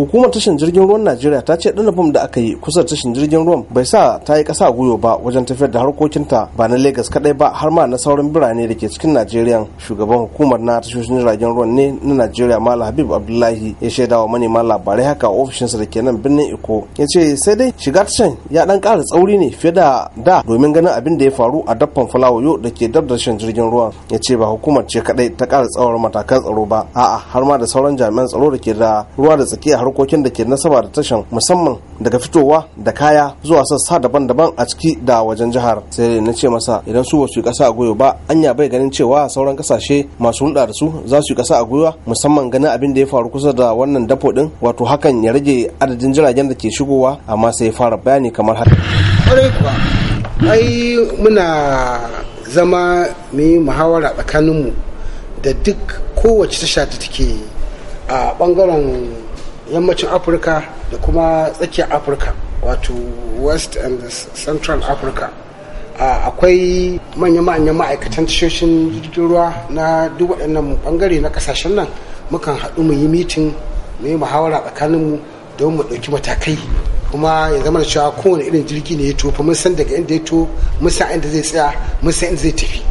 hukumar tashin jirgin ruwan najeriya ta ce ɗana da aka yi kusa tashin jirgin ruwan bai sa ta yi ƙasa gwiwa ba wajen tafiyar da harkokinta ba na Legas kaɗai ba har ma na sauran birane da ke cikin najeriya shugaban hukumar na tashoshin jiragen ruwan ne na najeriya malam habib abdullahi ya shaida wa manema labarai haka a ofishinsa da ke nan birnin eko. ya ce sai dai shiga tashan ya ɗan ƙara tsauri ne fiye da da domin ganin abin da ya faru a daffan yau da ke dab da tashin jirgin ruwan ya ce ba hukumar ce kaɗai ta ƙara tsawar matakan tsaro ba a'a har ma da sauran jami'an tsaro da ke da ruwa da tsakiya har harkokin da ke nasaba da tashan musamman daga fitowa da kaya zuwa sassa daban-daban a ciki da wajen jihar sai dai na ce masa idan su wasu yi kasa a goyo ba anya bai ganin cewa sauran kasashe masu hulɗa da su za su yi kasa a goyo musamman ganin abin da ya faru kusa da wannan dafo din wato hakan ya rage adadin jiragen da ke shigowa amma sai ya fara bayani kamar haka. ai muna zama mu yi muhawara tsakaninmu da duk kowace tasha da take a bangaren yammacin afirka da kuma tsakiyar afirka wato west and central africa akwai manya-manyan ma'aikatan tashoshin jirgin ruwa na duk waɗannan bangare na kasashen nan mukan haɗu mu yi mitin mu yi muhawara mu don mu ɗauki matakai kuma ya zama da cewa kowane irin jirgi ne ya tofa mun san daga inda ya to mun san inda zai tsaya mun san inda zai tafi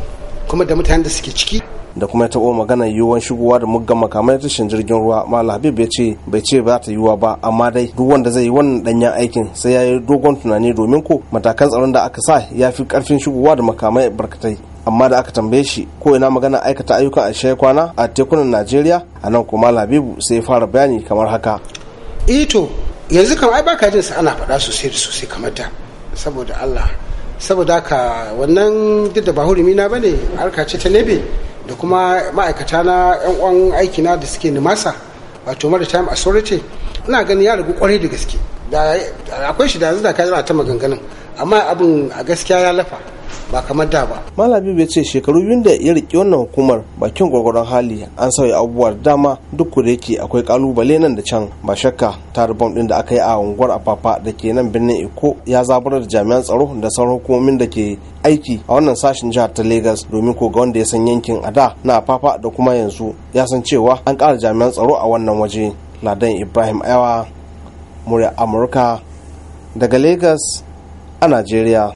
kuma da mutanen da suke ciki da kuma ya taɓo magana yiwuwan shigowa da muggan makamai ta tashin jirgin ruwa malam habib ya ce bai ce ba ta yiwuwa ba amma dai duk wanda zai yi wannan danyen aikin sai ya yi dogon tunani domin ko matakan tsaron da aka sa ya fi karfin shigowa da makamai barkatai amma da aka tambaye shi ko ina magana aikata ayyukan a kwana a tekunan najeriya a nan kuma labibu sai ya fara bayani kamar haka ito eh yanzu kam ai baka jin sa ana faɗa sosai da sosai kamar da saboda allah saboda haka wannan duk da ba hurumi na bane harka ce ta nebe da kuma ma'aikata na yan uwan aikina da suke nimasa wato maritime authority ina ganin ya ragu kwarai da gaske akwai shi da yanzu da ta maganganun amma abin gaskiya ya lafa ba kamar da ba bai ce shekaru biyun da ya riƙe wannan hukumar bakin gwagwaron hali an sauya abubuwar dama duk da yake akwai kalubale nan da can ba shakka ɗin din da aka yi a unguwar afafa da ke nan birnin iko ya zaburar da jami'an tsaro da sauran hukumomin da ke aiki a wannan sashen jihar ta Legas domin ko ga wanda ya san yankin a da na afafa da kuma yanzu ya san cewa an ƙara jami'an tsaro a wannan waje ladan ibrahim aiwa murya amurka daga lagos a najeriya